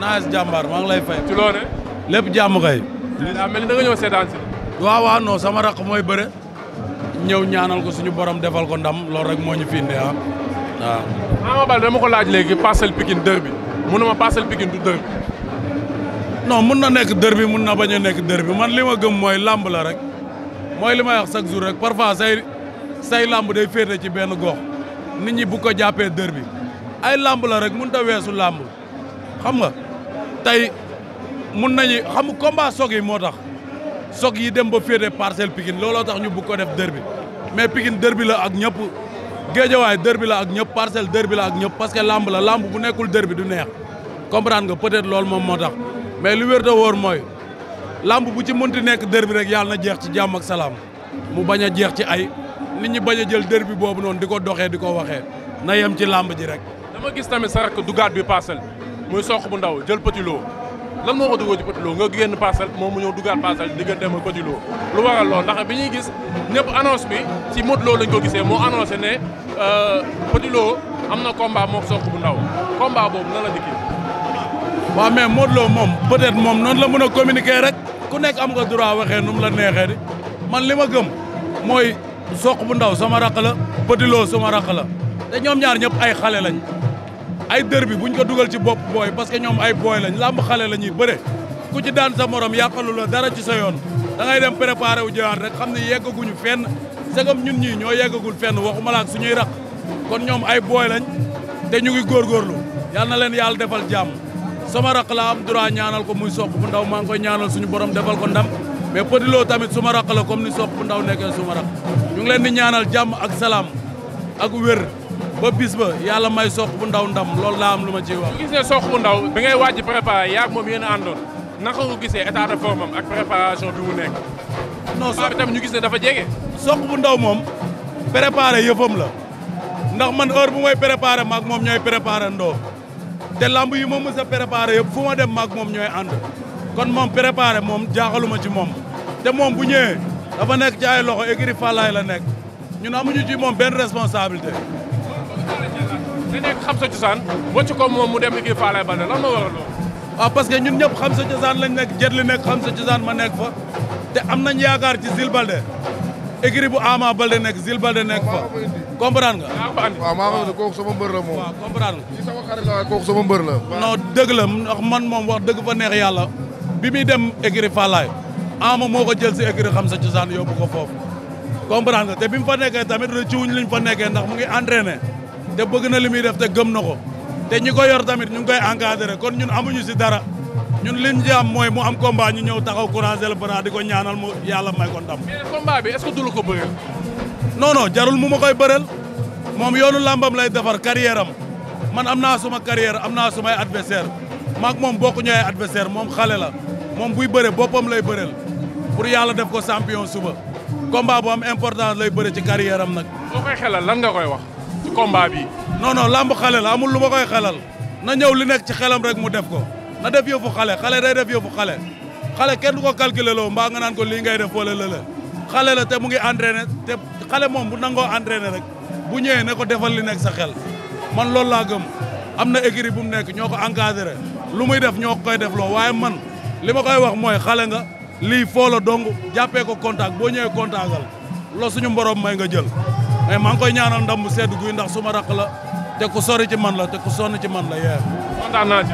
naaj jàmbaar maa ngi lay fay. ci loone lépp jàmm kay. daa mel ni da nga ñëw seetaan si. sama rakk mooy bëre. ñëw ñaanal ko suñu borom defal ko ndam loolu rek moo ñu fi indee ah waaw. Ama Baldé dama ko laaj léegi Parcelles Pikine derby mun na ma Parcelles Pikine du derby. non mun na nekk derby mun na bañ a nekk man li ma gëm mooy làmb rek mooy li may wax chaque jour rek parfois say say làmb day féete ci benn gox nit ñi bu ko jàppee derby ay làmb la rek mun weesu làmb nga. tey mun nañu xam combat soog yi moo tax soog yi dem ba féete parcelle Pikine looloo tax ñu bugg ko def derby mais Pikine derby la ak ñëpp géejawaay derby la ak ñëpp parcelle derby la ak ñëpp parce que lamb la lamb bu nekkul derby du neex comprendre nga peut-être loolu moom moo tax mais lu wér te wóor mooy lamb bu ci mënti nekk derby rek yàlla na jeex ci jàmm ak salaam mu bañ a jeex ci ay ni ñi bañ a jël derby boobu noonu di ko doxee di ko waxee na yem ci lamb ji rek. dama gis tamit sa rakk dugaat muy soq bu ndaw jël petit lot lan moo ko duggoo ci petit lot nga génn parcelle moom mu ñëw duggaat parcelle diggante ma petit lot lu waral loolu ndax bi ñuy gis ñëpp annonce bi ci Modou Lo lañ ko gisee moo annoncé ne euh, petit lot am na combat moom sook bu ndaw combat boobu nan la dikki waaw mais Modou moom peut moom noonu la mën a communiquer rek ku nekk am nga droit waxee nu mu la neexee di man li ma gëm mooy soq bu ndaw sama raq la petit lot sama raq la te ñoom ñaar ñëpp ay xale lañ ay dër bi buñ ko dugal ci bopp booy parce que ñoom ay booy lañ làmb xale la ñuy bëre ku ci daan sa morom yàqalu la dara ci sa yoon da ngay dem préparé wu jëwaat rek xam ne yeggaguñu fen segam ñun ñii ñoo yeggagul fenn waxuma la ak suñuy raq kon ñoom ay booy lañ te ñu ngi góorgóorlu yal na leen yàlla defal jàmm sama raq la am droit ñaanal ko muy sook bu ndaw maa ngi koy ñaanal suñu borom defal ko ndam mais loo Lo tamit suma raq la comme ni soq bu ndaw nekkee suma raq ñu ngi leen di ñaanal jàmm ak salaam ak wér ba bis ba yàlla may soq bu ndaw ndam loolu laa am lu ma ciy wax. gis ne soq bu ndaw bi ngay waaj préparé yaa moom yéen a àndoon naka nga gisee état de am ak préparation bi mu nekk. non soq bi ñu gis dafa jege. soq bu ndaw moom préparé yëfam la ndax man heure bu may préparé maag moom ñooy préparé ndoo te lamb yi ma mës a préparé yëpp fu ma dem maag moom ñooy ànd kon moom préparé moom jaaxaluma ci moom te moom bu ñëwee dafa nekk ci ay loxo écurie la nekk ñun amuñu ci moom benn responsabilité. di nekk xam sa cosaan wacc mu dem équipe Falaye Baldé lan moo waral que ñun ñëpp xam sa cosaan lañ nekk Jet nekk xam sa cosaan ma nekk fa te am nañ yaakaar ci Zil Baldé écurie bu Ama Baldé nekk Zil Baldé nekk fa comprendre nga. yaa maa ngi sama mbër nga. ci kooku sama mbër la. non dëgg ndax man moom wax dëgg fa neex yàlla bi muy dem écurie Falaye Ama moo ko jël si écurie xam sa cosaan yóbbu ko foofu comprendre nga te bi mu fa nekkee tamit rëccuwuñ liñ fa nekkee ndax mu ngi entraîné te bëgg na li muy def te gëm na ko te ñi ko yor tamit ñu ngi koy encadré kon ñun amuñu si dara ñun lim ji am mooy mu am combat ñu ñëw taxaw courage le bras di ko ñaanal mu yàlla may ko ndam. mais bi est ko bëreel. non non jarul mu ma koy bëreel moom yoonu làmbam lay defar carrière am man am naa suma carrière am naa sumay adversaire maak moom bokku ñooy adversaire moom xale la moom buy bëre boppam lay bëreel pour yàlla def ko champion suba combat bu am important lay bëre ci carrière am nag. lan nga koy wax. ci combat bi. non non lamb xale la amul lu ma koy xelal na ñëw li nekk ci xelam rek mu def ko na def yëfu xale xale day def yëfu xale xale kenn ko calculer loo mbaa nga naan ko lii ngay def wala lële xale la te mu ngi entraîné te xale moom bu nangoo entraîné rek bu ñëwee ne ko defal li nekk sa xel man loolu laa gëm am na écurie bu mu nekk ñoo ko encadré lu muy def ñoo koy def loo waaye man li ma koy wax mooy xale nga lii foo la dong jàppee ko contact boo ñëwee contactal loo suñu mborom may nga jël. mais maa ngi koy ñaanal ndam bu sedd guy ndax suma rakk la te ku sori man la te ku sonn man la yee. kontaan naa ci